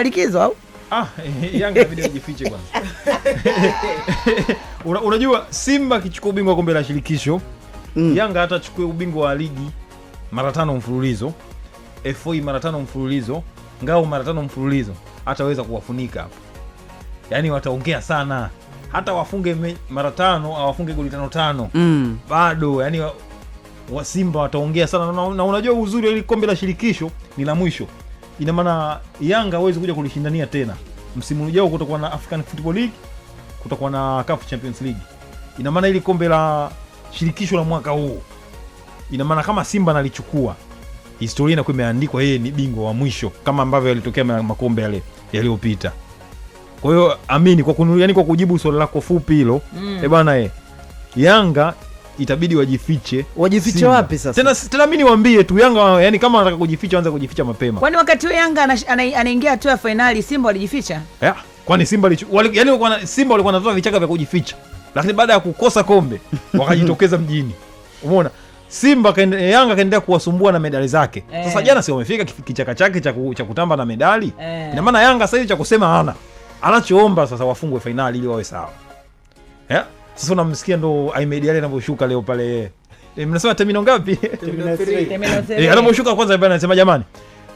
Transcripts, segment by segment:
alikizo au? Ah, eh, Yanga inabidi ajifiche kwanza. Unajua Simba akichukua ubingwa wa kombe la shirikisho mm. Yanga hatachukua ubingwa wa ligi mara tano mfululizo, FA mara tano mfululizo, ngao mara tano mfululizo, hataweza kuwafunika hapo. Yaani wataongea sana, hata wafunge mara tano awafunge goli tano tano mm. bado yani wa, wa Simba wataongea sana na, na unajua uzuri wa ile kombe la shirikisho ni la mwisho ina maana Yanga hawezi kuja kulishindania tena. Msimu ujao kutakuwa na African Football League, kutakuwa na CAF Champions League. Ina maana ili kombe la shirikisho la mwaka huu, ina maana kama Simba nalichukua, historia inakuwa imeandikwa, yeye ni bingwa wa mwisho, kama ambavyo yalitokea makombe yale yaliyopita. Kwa hiyo amini, kwa kunu, yani kwa kujibu swali lako fupi hilo mm. E bwana e, Yanga itabidi wajifiche. Wajifiche wapi sasa? Tena tena mimi niwaambie tu Yanga, yani kama wanataka kujificha anza kujificha mapema. Kwani wakati huo Yanga anaingia hatua ya fainali Simba walijificha? Yeah. Kwani Simba lichu, wali, yani wana, Simba walikuwa wanatoa vichaka vya kujificha. Lakini baada ya kukosa kombe wakajitokeza mjini. Umeona? Simba kende, Yanga kaendelea kuwasumbua na medali zake. Eh. Sasa jana si wamefika kichaka chake cha kutamba na medali? Eh. Ina maana Yanga sasa hivi cha kusema hana. Anachoomba sasa wafungwe fainali ili wawe sawa. Yeah. Sasa unamsikia ndo Ahmed Ally anavyoshuka leo pale. E, mnasema terminal ngapi? Terminal 3. Eh, anavyoshuka kwanza pale anasema jamani,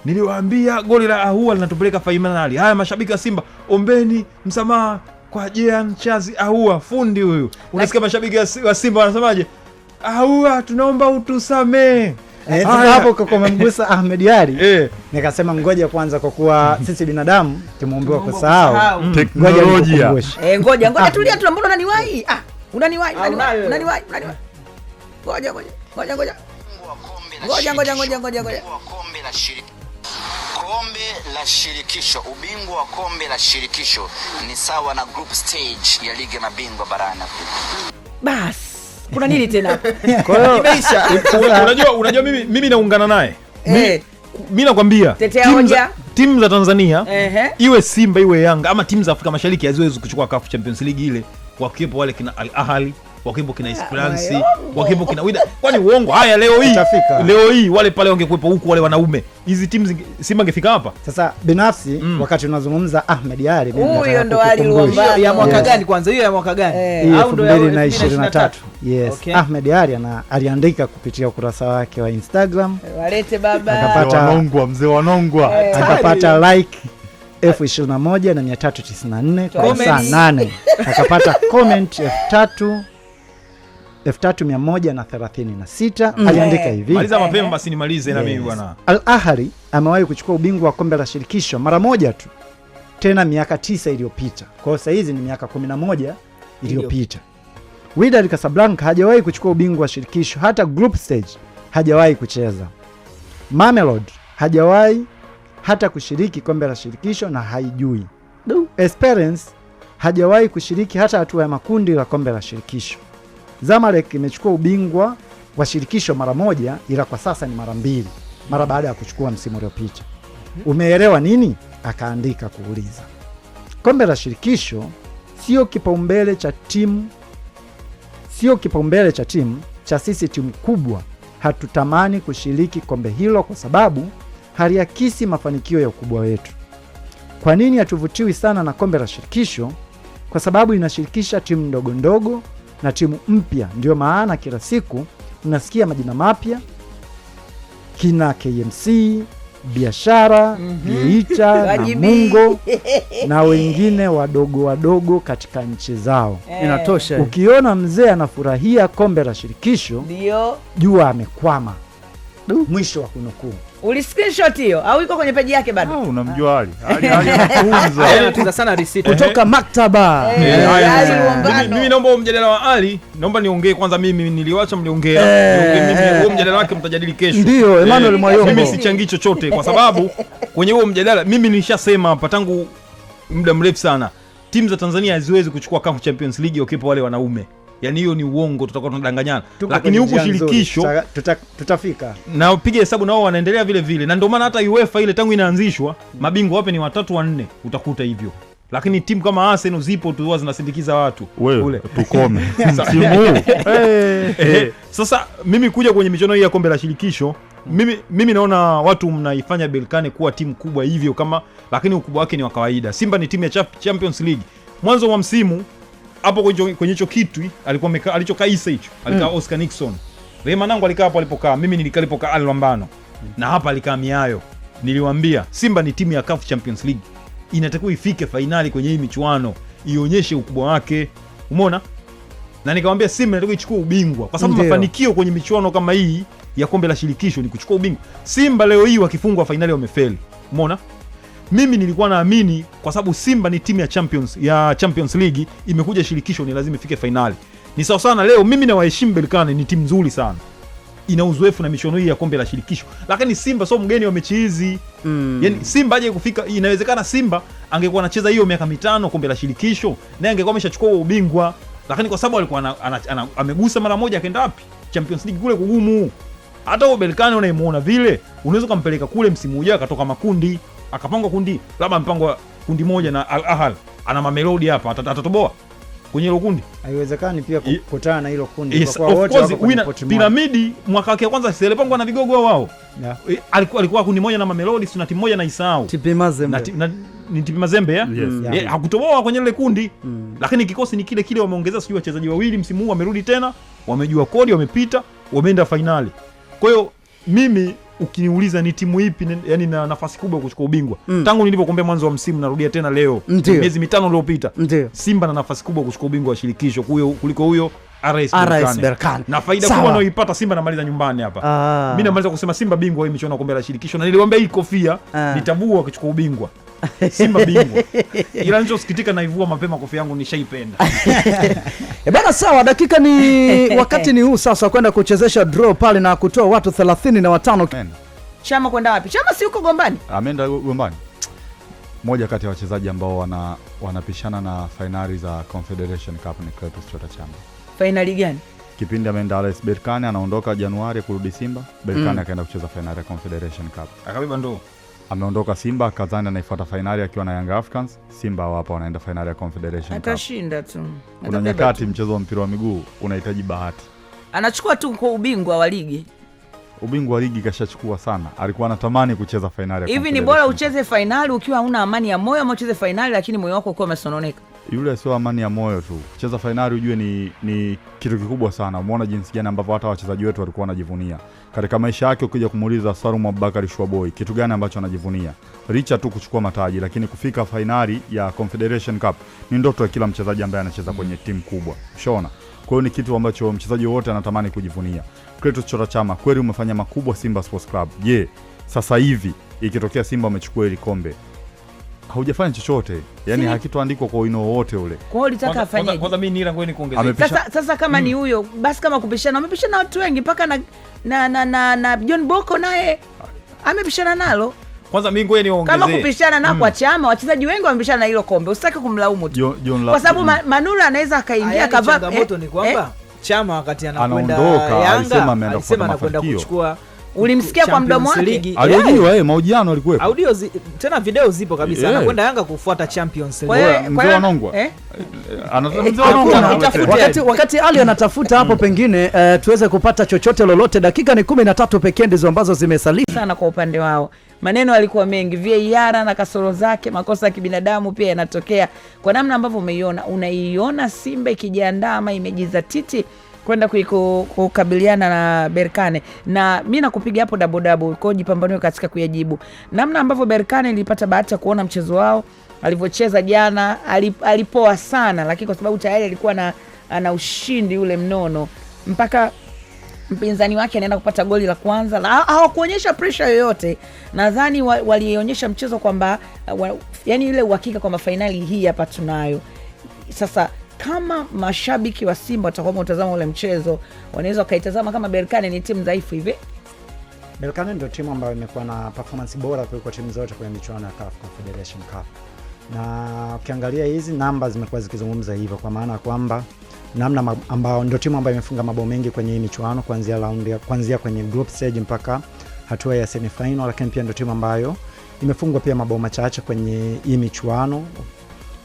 niliwaambia goli la Ahoua linatupeleka fainali. Haya mashabiki wa Simba, ombeni msamaha kwa Jean Chazi Ahoua, fundi huyu. Unasikia mashabiki wa Simba wanasemaje? Ahoua, tunaomba utusamee. Eh, hapo kwa kumemgusa Ahmed Ally eh, nikasema ngoja kwanza, kwa kuwa sisi binadamu tumeumbiwa kusahau. Ngoja eh, ngoja ngoja, ah. tulia tu, mbona unaniwahi? Ah. Unaniwahi, unaniwahi, unaniwahi, unaniwahi. Ngoja, ngoja, ngoja, ngoja. Ngoja, ngoja, ngoja, ngoja, ngoja. Kombe la shirikisho. Kombe la shirikisho, ubingwa wa kombe la shirikisho ni sawa na group stage ya ligi ya mabingwa barani Afrika. Bas. Kuna nini tena? Kwa hiyo imeisha. Unajua, unajua mimi mimi naungana naye. Eh. Mimi nakwambia. Tetea hoja timu za Tanzania uh Iwe Simba iwe Yanga ama timu za Afrika Mashariki haziwezi kuchukua CAF Champions League ile wakiwepo wale kina Al Ahly wakiwepo kina Esperance ah, wakiwepo kina Wydad. Kwani uongo? Haya, leo hii leo hii wale pale wangekuwepo huku wale wanaume, hizi timu Simba angefika hapa sasa. Binafsi mm. wakati unazungumza Ahmed Ally, huyo ndo aliluambia ya mwaka gani kwanza, hiyo ya mwaka gani au ndo ya 2023? Yes, okay. Ahmed Ally ana aliandika kupitia ukurasa wake wa Instagram, walete baba, akapata mzee wanongwa, akapata like elfu ishirini na moja na mia tatu tisini na nne kwa saa nane akapata comment elfu tatu elfu tatu mia moja na thelathini na sita mm. Aliandika hivi maliza mapema basi nimalize na mimi bwana. Al amewahi kuchukua ubingwa wa kombe la shirikisho mara moja tu tena miaka tisa iliyopita. kwao sahizi ni miaka kumi na moja iliyopita. Wydad Casablanca hajawahi kuchukua ubingwa wa shirikisho hata group stage hajawahi kucheza. mamelod hajawahi hata kushiriki kombe la shirikisho na haijui. Esperance hajawahi kushiriki hata hatua ya makundi la kombe la shirikisho. Zamalek imechukua ubingwa wa shirikisho mara moja, ila kwa sasa ni mara mbili, mara baada ya kuchukua msimu uliopita. Mhm. Umeelewa nini? Akaandika kuuliza. Kombe la shirikisho sio kipaumbele cha timu, sio kipaumbele cha timu cha sisi, timu kubwa hatutamani kushiriki kombe hilo kwa sababu haliakisi mafanikio ya ukubwa wetu. Kwa nini hatuvutiwi sana na kombe la shirikisho? Kwa sababu inashirikisha timu ndogo ndogo na timu mpya. Ndiyo maana kila siku unasikia majina mapya kina KMC, biashara mm -hmm. Geita Namungo na wengine wadogo wadogo katika nchi zao. Eh. Inatosha. Ukiona mzee anafurahia kombe la shirikisho, ndio jua amekwama. Mwisho wa kunukuu. Uli screenshot hiyo au iko kwenye peji yake bado? Ah, Unamjua Ali. Ali anatunza. sana receipt. Kutoka eh. maktaba. Eh, eh, mimi naomba mjadala wa Ali, naomba niongee kwanza mimi niliwacha mliongea. Mimi huo mjadala wake mtajadili kesho. Ndio, Emmanuel Mwayombo. Mimi sichangii chochote kwa sababu kwenye huo mjadala mimi nilishasema hapa tangu muda mrefu sana. Timu za Tanzania haziwezi kuchukua CAF Champions League wakiwepo wale wanaume yani hiyo ni uongo, tutakuwa tunadanganyana. Lakini huku shirikisho tutafika na upige hesabu, nao wanaendelea vile vile, na ndio maana hata UEFA ile tangu inaanzishwa mabingwa wape ni watatu wanne, utakuta hivyo lakini timu kama Arsenal zipo tu huwa zinasindikiza watu kule, tukome msimu huu eh, sasa. Mimi kuja kwenye michuano hii ya kombe la shirikisho mimi, mimi naona watu mnaifanya belkane kuwa timu kubwa hivyo kama, lakini ukubwa wake ni wa kawaida. Simba ni timu ya Champions League mwanzo wa msimu hapo kwenye hicho kitu alikuwa alichokaa Isa hicho alikaa mm. Oscar Nixon Rehema nangu alikaa hapo alipokaa, mimi nilikaa alipokaa Al Lwambano mm. na hapa alikaa Miayo. Niliwaambia Simba ni timu ya CAF Champions League, inatakiwa ifike fainali kwenye hii michuano, ionyeshe ukubwa wake, umeona. Na nikamwambia Simba inatakiwa ichukue ubingwa, kwa sababu mafanikio kwenye michuano kama hii ya kombe la shirikisho ni kuchukua ubingwa. Simba leo hii wakifungwa fainali wamefeli, umeona mimi nilikuwa naamini kwa sababu Simba ni timu ya Champions, ya Champions League imekuja shirikisho, ni lazima ifike fainali. Ni sawa sana leo, mimi nawaheshimu Berkane, ni timu nzuri sana ina uzoefu na michuano hii ya kombe la shirikisho, lakini Simba sio mgeni wa mechi hizi mm. Yani Simba aje kufika, inawezekana Simba angekuwa anacheza hiyo miaka mitano kombe la shirikisho, naye angekuwa ameshachukua ubingwa, lakini kwa sababu alikuwa amegusa mara moja, akaenda wapi? Champions League kule kugumu. Hata huo Berkane unayemuona vile, unaweza ukampeleka kule msimu ujao akatoka makundi akapangwa kundi labda mpangwa kundi moja na Al ahal ana mamelodi hapa atatoboa kwenye hilo kundi haiwezekani. Pia kukutana na hilo kundi yes, kwa wote Piramidi mwaka wake kwanza selipangwa na vigogo wao yeah. Alikuwa alikuwa kundi moja na mamelodi sio na timu moja na Isao ni TP Mazembe yes. yeah. Mm. hakutoboa kwenye ile kundi mm. lakini kikosi ni kile kile, wameongezea sijui wachezaji wawili msimu huu wamerudi tena, wamejua kodi, wamepita, wameenda fainali. Kwa hiyo mimi ukiniuliza ni timu ipi yani na nafasi kubwa kuchukua ubingwa mm. tangu nilivyokuambia mwanzo wa msimu, narudia tena leo, miezi mitano iliyopita, Simba na nafasi kubwa kuchukua ubingwa wa shirikisho kuliko huyo na faida kubwa Simba namaliza nyumbani hapa. Ah. namaliza kusema Simba bingwa michuano kombe la shirikisho, na hii kofia ah. ubingwa Simba bingwa, ila naivua mapema kofia yangu nishaipenda. Eh, bana, sawa, dakika ni wakati ni huu sasa kwenda kuchezesha draw pale na kutoa watu thelathini na watano. Chama kwenda wapi? Chama si uko Gombani, ameenda ah, Gombani, moja kati ya wachezaji ambao wanapishana wana na fainari za Confederation Cup ni Clatous Chota Chama fainali gani? Kipindi ameenda ales berkani anaondoka Januari kurudi Simba. berkani mm. akaenda kucheza fainali ya Confederation Cup akabeba ndoo. Ameondoka Simba, kazani anaifuata fainali akiwa na Young Africans. Simba wapo wanaenda fainali ya Confederation atashinda tu. Kuna nyakati mchezo wa mpira wa miguu unahitaji bahati, anachukua tu kwa ubingwa wa ligi ubingwa wa ligi kashachukua sana, alikuwa anatamani kucheza fainali. Hivi ni bora ucheze fainali ukiwa huna amani ya moyo ama ucheze fainali lakini moyo wako ukiwa umesononeka? yule asio amani ya moyo tu. cheza fainali ujue ni, ni kitu kikubwa sana. Umeona jinsi gani ambavyo hata wachezaji wetu walikuwa wanajivunia katika maisha yake. Ukija kumuuliza Salum Abubakar Shwaboy kitu gani ambacho anajivunia licha tu kuchukua mataji, lakini kufika fainali ya Confederation Cup ni ndoto ya kila mchezaji ambaye anacheza mm. kwenye timu kubwa, ushaona. Kwa hiyo ni kitu ambacho mchezaji wote anatamani kujivunia. Clatous Chota Chama, kweli umefanya makubwa Simba Sports Club. Je, yeah, sasa hivi ikitokea Simba amechukua ile kombe haujafanya chochote yani hakitoandikwa kwa wino wowote ule. Kwa hiyo afanye kwanza, mimi nira kwani kuongezeka sasa. Sasa kama mm. ni huyo basi, kama kupishana, wamepishana watu wengi mpaka na na na, na, na John Boko naye amepishana nalo kwanza mimi ngoja niongezee kama kupishana na mm. kwa chama wachezaji wengi wamepishana na hilo kombe, usitaki kumlaumu kwa sababu mm. Manula anaweza akaingia akavaa. Changamoto eh, eh, chama wakati anakwenda Yanga alisema anakwenda kuchukua ulimsikia kwa mdomo wake, alijua eh, mahojiano alikuwa audio zi, tena video zipo kabisa, anakwenda Yanga kufuata Champions League. Mzee Wanongwa eh, eh, eh wakati wakati Ali anatafuta hapo, pengine uh, tuweze kupata chochote lolote. Dakika ni 13 pekee ndizo ambazo zimesalia sana kwa upande wao. Maneno yalikuwa mengi, VAR na kasoro zake, makosa ya kibinadamu pia yanatokea. Kwa namna ambavyo umeiona, unaiona Simba ikijiandaa ama imejizatiti kwenda kukabiliana na Berkane, na mi nakupiga hapo dabodabo, ko jipambanio katika kuyajibu namna ambavyo Berkane ilipata bahati ya kuona mchezo wao alivyocheza jana, alipoa sana, lakini kwa sababu tayari alikuwa na ana ushindi ule mnono mpaka mpinzani wake anaenda kupata goli la kwanza. Hawakuonyesha presha yoyote, nadhani walionyesha mchezo kwamba yani ile uhakika kwamba fainali hii hapa tunayo sasa kama mashabiki wa Simba watakuwa utazama ule mchezo, wanaweza wakaitazama kama Berkane ni timu dhaifu hivi. Berkane ndio timu ambayo imekuwa na performance bora kuliko timu zote kwenye michuano ya CAF Confederation Cup, na ukiangalia hizi namba zimekuwa zikizungumza hivyo, kwa maana ya kwamba namna ambao ndio timu ambayo imefunga mabao mengi kwenye hii michuano kuanzia round, kuanzia kwenye group stage mpaka hatua ya semifinal lakini pia ndio timu ambayo imefungwa pia mabao machache kwenye hii michuano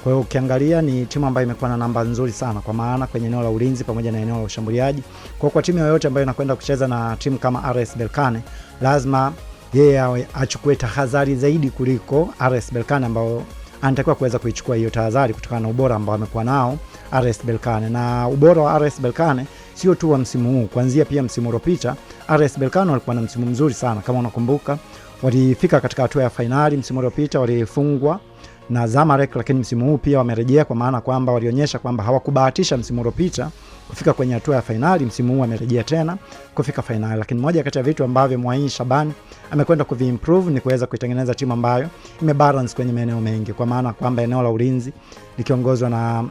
kwa hiyo ukiangalia ni timu ambayo imekuwa na namba nzuri sana kwa maana kwenye eneo la ulinzi pamoja na eneo la ushambuliaji. Kwa kwa timu yoyote ambayo inakwenda kucheza na timu kama RS Berkane lazima yeye yeah, achukue tahadhari zaidi kuliko RS Berkane ambao anatakiwa kuweza kuichukua hiyo tahadhari kutokana na ubora ambao amekuwa nao RS Berkane. Na ubora wa RS Berkane sio tu wa msimu huu, kuanzia pia msimu uliopita RS Berkane walikuwa na msimu mzuri sana. Kama unakumbuka, walifika katika hatua ya fainali msimu uliopita, walifungwa na Zamalek, lakini msimu huu pia wamerejea, kwa maana kwamba walionyesha kwamba hawakubahatisha msimu uliopita kufika kwenye hatua ya fainali. Msimu huu amerejea tena kufika fainali, lakini moja kati ya vitu ambavyo Mwai Shabani amekwenda kuviimprove ni kuweza kuitengeneza timu ambayo imebalance kwenye maeneo mengi, kwa maana kwamba eneo la ulinzi likiongozwa na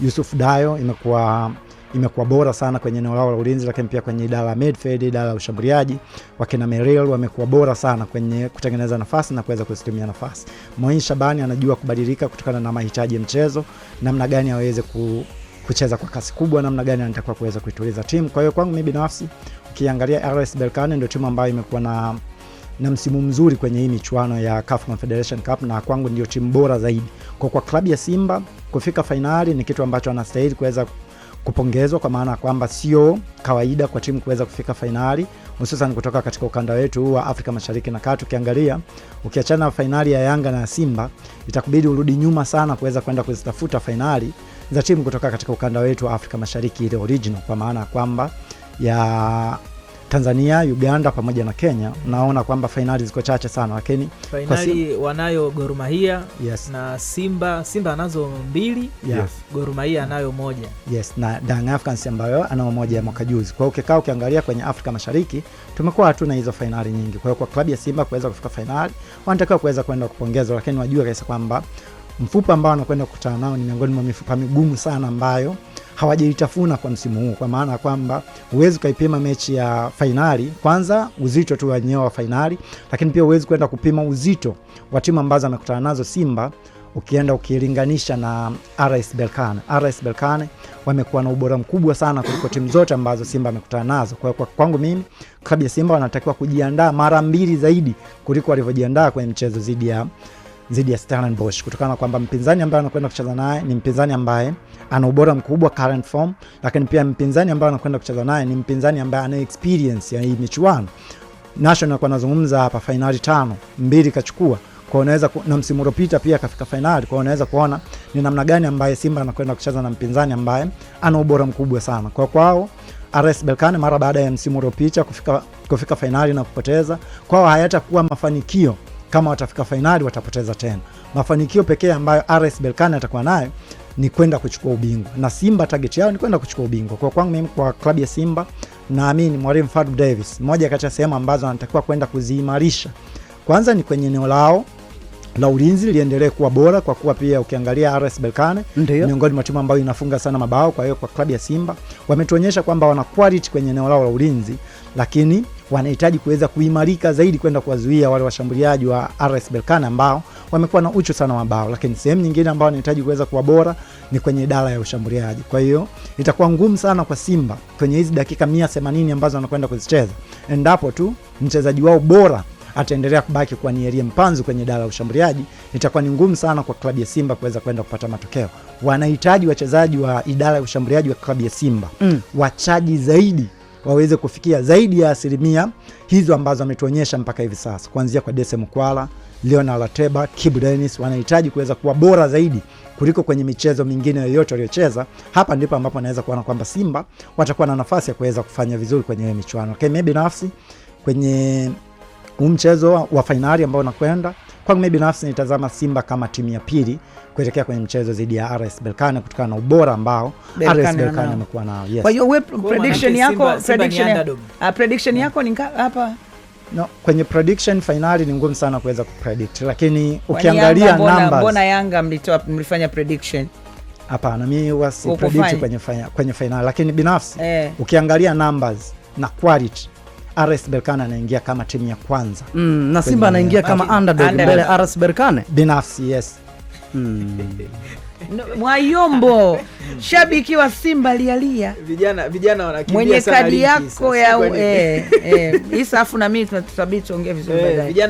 Yusuf Dayo imekuwa imekuwa bora sana kwenye eneo lao la ulinzi, lakini pia kwenye idara ya midfield, idara ya ushambuliaji, wakina Merrell wamekuwa bora sana kwenye kutengeneza nafasi na kuweza kuzitumia nafasi. Moin Shabani anajua kubadilika kutokana na mahitaji ya mchezo, namna gani aweze ku kucheza kwa kasi kubwa, namna gani anatakiwa kuweza kuituliza timu. Kwa hiyo kwangu mimi binafsi, ukiangalia RS Berkane ndio timu ambayo imekuwa na na msimu mzuri kwenye hii michuano ya CAF Confederation Cup na kwangu ndio timu bora zaidi. Kwa kwa klabu ya Simba kufika fainali ni kitu ambacho anastahili kuweza kupongezwa kwa maana ya kwamba sio kawaida kwa timu kuweza kufika fainali hususan kutoka katika ukanda wetu wa Afrika Mashariki na Kati. Ukiangalia, ukiachana na fainali ya Yanga na Simba, itakubidi urudi nyuma sana kuweza kwenda kuzitafuta fainali za timu kutoka katika ukanda wetu wa Afrika Mashariki ile original, kwa maana ya kwamba ya Tanzania, Uganda pamoja na Kenya, naona kwamba fainali ziko chache sana, lakini fainali wanayo gorumahia yes. na Simba. Simba anazo mbili yes. gorumahia anayo moja yes, na Young Africans ambayo anao moja ya mwaka juzi. kwao ukikaa ukiangalia kwenye Afrika Mashariki tumekuwa hatuna hizo fainali nyingi. kwao kwa klabu ya Simba kuweza kufika fainali, wanatakiwa kuweza kwenda kupongezwa, lakini wajue kabisa kwamba mfupa ambao wanakwenda kukutana nao ni miongoni mwa mifupa migumu sana ambayo hawajaitafuna kwa msimu huu, kwa maana ya kwamba huwezi ukaipima mechi ya fainali, kwanza uzito tu wenyewe wa fainali, lakini pia huwezi kwenda kupima uzito wa timu ambazo amekutana nazo Simba ukienda ukilinganisha na RS Berkane. RS Berkane wamekuwa na ubora mkubwa sana kuliko timu zote ambazo Simba amekutana nazo. Kwa hiyo kwangu mimi, klabu ya Simba wanatakiwa kujiandaa mara mbili zaidi kuliko walivyojiandaa kwenye mchezo dhidi ya dhidi ya Stellenbosch kutokana na kwamba mpinzani ambaye anakwenda kucheza naye ni mpinzani ambaye ana ubora mkubwa current form, lakini pia mpinzani ambaye anakwenda kucheza naye ni mpinzani ambaye ana experience ya hii michuano. National alikuwa anazungumza hapa fainali tano, mbili kachukua kwa unaweza na msimu uliopita pia kafika fainali, kwa unaweza kuona ni namna gani ambaye Simba anakwenda kucheza na mpinzani ambaye ana ubora mkubwa sana. Kwa kwao RS Berkane mara baada ya msimu uliopita kufika, kufika fainali na kupoteza kwao hayatakuwa mafanikio kama watafika fainali watapoteza tena. Mafanikio pekee ambayo RS Berkane atakuwa nayo ni kwenda kuchukua ubingwa, na Simba tageti yao ni kwenda kuchukua ubingwa. Kwa kwangu mimi, kwa klabu ya Simba, naamini mwalimu Fadlu Davis, moja kati ya sehemu ambazo anatakiwa kwenda kuziimarisha, kwanza ni kwenye eneo lao la ulinzi liendelee kuwa bora, kwa kuwa pia ukiangalia RS Berkane miongoni mwa timu ambayo inafunga sana mabao. Kwa hiyo kwa klabu ya Simba wametuonyesha kwamba wana quality kwenye eneo lao la ulinzi, lakini wanahitaji kuweza kuimarika zaidi kwenda kuwazuia wale washambuliaji wa RS Berkane ambao wamekuwa na uchu sana wa bao, lakini sehemu nyingine ambao wanahitaji kuweza kuwa bora ni kwenye idara ya ushambuliaji. Kwa hiyo itakuwa ngumu sana kwa Simba kwenye hizi dakika 180 ambazo wanakwenda kuzicheza, endapo tu mchezaji wao bora ataendelea kubaki kuwa ni Elie Mpanzu kwenye idara ya ushambuliaji, itakuwa ni ngumu sana kwa klabu ya Simba kuweza kwenda kupata matokeo. Wanahitaji wachezaji wa idara ya ushambuliaji wa klabu ya Simba mm, wachaji zaidi waweze kufikia zaidi ya asilimia hizo ambazo ametuonyesha mpaka hivi sasa, kuanzia kwa Dese Mkwala, Leona Lateba, Kibu Denis wanahitaji kuweza kuwa bora zaidi kuliko kwenye michezo mingine yoyote waliocheza. Hapa ndipo ambapo anaweza kuona kwamba Simba watakuwa na nafasi ya kuweza kufanya vizuri kwenye hiyo michuano. Okay, mimi binafsi kwenye huu mchezo wa fainali ambao unakwenda Kwangu mimi binafsi nitazama Simba kama timu ya pili kuelekea kwenye mchezo dhidi ya RS belkane kutokana na ubora ambao RS belkane amekuwa nao. Yes. Kwa hiyo wewe prediction yako prediction yako ah, prediction yako ni hapa No, kwenye prediction finali ni ngumu sana kuweza kupredict, lakini ukiangalia numbers, mbona Yanga mlitoa mlifanya prediction? Hapana, mimi wasi predict kwenye, kwenye finali, lakini binafsi eh, ukiangalia numbers na quality RS Berkane anaingia kama timu ya kwanza mm, na Simba anaingia kama underdog mbele RS Berkane binafsi, yes mm. Mwayombo shabiki wa Simba lialia, vijana vijana wanakimbia mwenye kadi yako ya eh, eh, Isa afu na mimi tunatabii tuongee vizuri eh, baadaye.